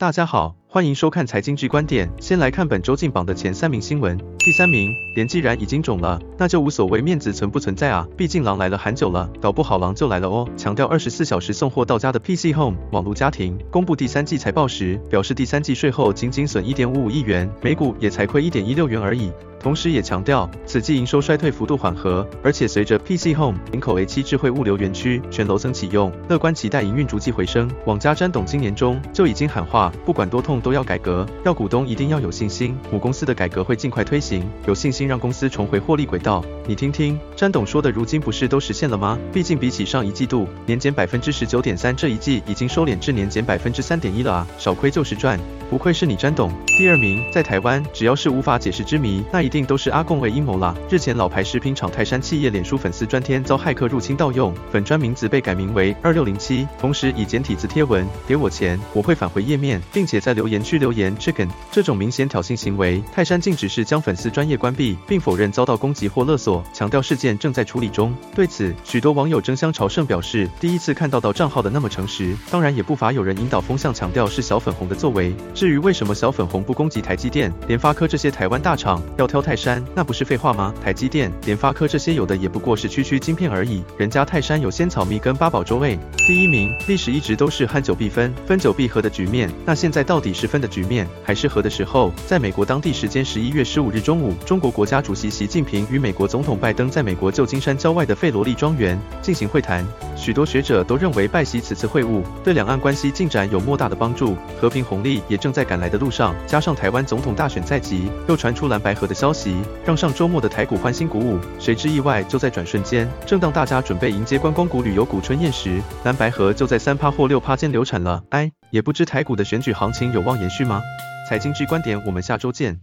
大家好。歡迎收看財經 Ｇ 觀點。先來看本周進榜的前三名新聞。第三名，臉既然已經腫了，那就無所謂面子存不存在啊！畢竟狼來了喊久了，搞不好狼就來了哦。強調二十四小時送貨到家的 PC Home 網路家庭，公布第三季財報時表示，第三季稅後僅僅損一點五五億元，每股也才虧一點一六元而已。同時也強調，此季營收衰退幅度緩和，而且隨着 PC Home 林口 A 七智慧物流園區全樓層啟用，樂觀期待營運逐季回升。網家詹董今年中就已經喊話，不管多痛。都要改革，要股東一定要有信心，母公司的改革會盡快推行，有信心讓公司重回獲利軌道。你聽聽詹董說的，如今不是都實現了嗎？畢竟比起上一季度，年減百分之十九點三，這一季已經收斂至年減百分之三點一了啊！少虧就是賺，不愧是你詹董。第二名，在台灣，只要是無法解釋之謎，那一定都是阿共為陰謀了。日前，老牌食品廠泰山企業臉書粉絲專頁遭駭客入侵盜用，粉專名字被改名為二六零七，同時以簡體字貼文“給我錢，我會返回頁面”，並且在留言區留言 chicken 這種明顯挑釁行為，泰山竟只是將粉絲專頁關閉，並否認遭到攻擊或勒索，強調事件正在處理中。對此，許多網友爭相朝聖，表示第一次看到盜賬號的那麼誠實。當然，也不乏有人引導風向，強調是小粉紅的作為。至於為什麼小粉紅？不攻擊台積電、聯發科這些台灣大廠，要挑泰山，那不是廢話嗎？台積電、聯發科這些有的也不過是區區晶片而已，人家泰山有仙草蜜跟八寶粥誒。第一名，歷史一直都是合久必分，分久必合的局面。那現在到底是分的局面，還是合的時候？在美國當地時間十一月十五日中午，中國國家主席習近平與美國總統拜登在美國舊金山郊外的費羅利莊園進行會談。許多學者都認為，拜習此次會晤對兩岸關係進展有莫大的幫助。和平紅利也正在趕來的路上，加上台灣總統大選在即，又傳出藍白合的消息，讓上週末的台股歡欣鼓舞。誰知意外就在轉瞬間，正當大家準備迎接觀光股、旅遊股春燕時，藍白合就在三趴或六趴間流產了。哎，也不知台股的選舉行情有望延續嗎？財經 G 觀點，我們下週見。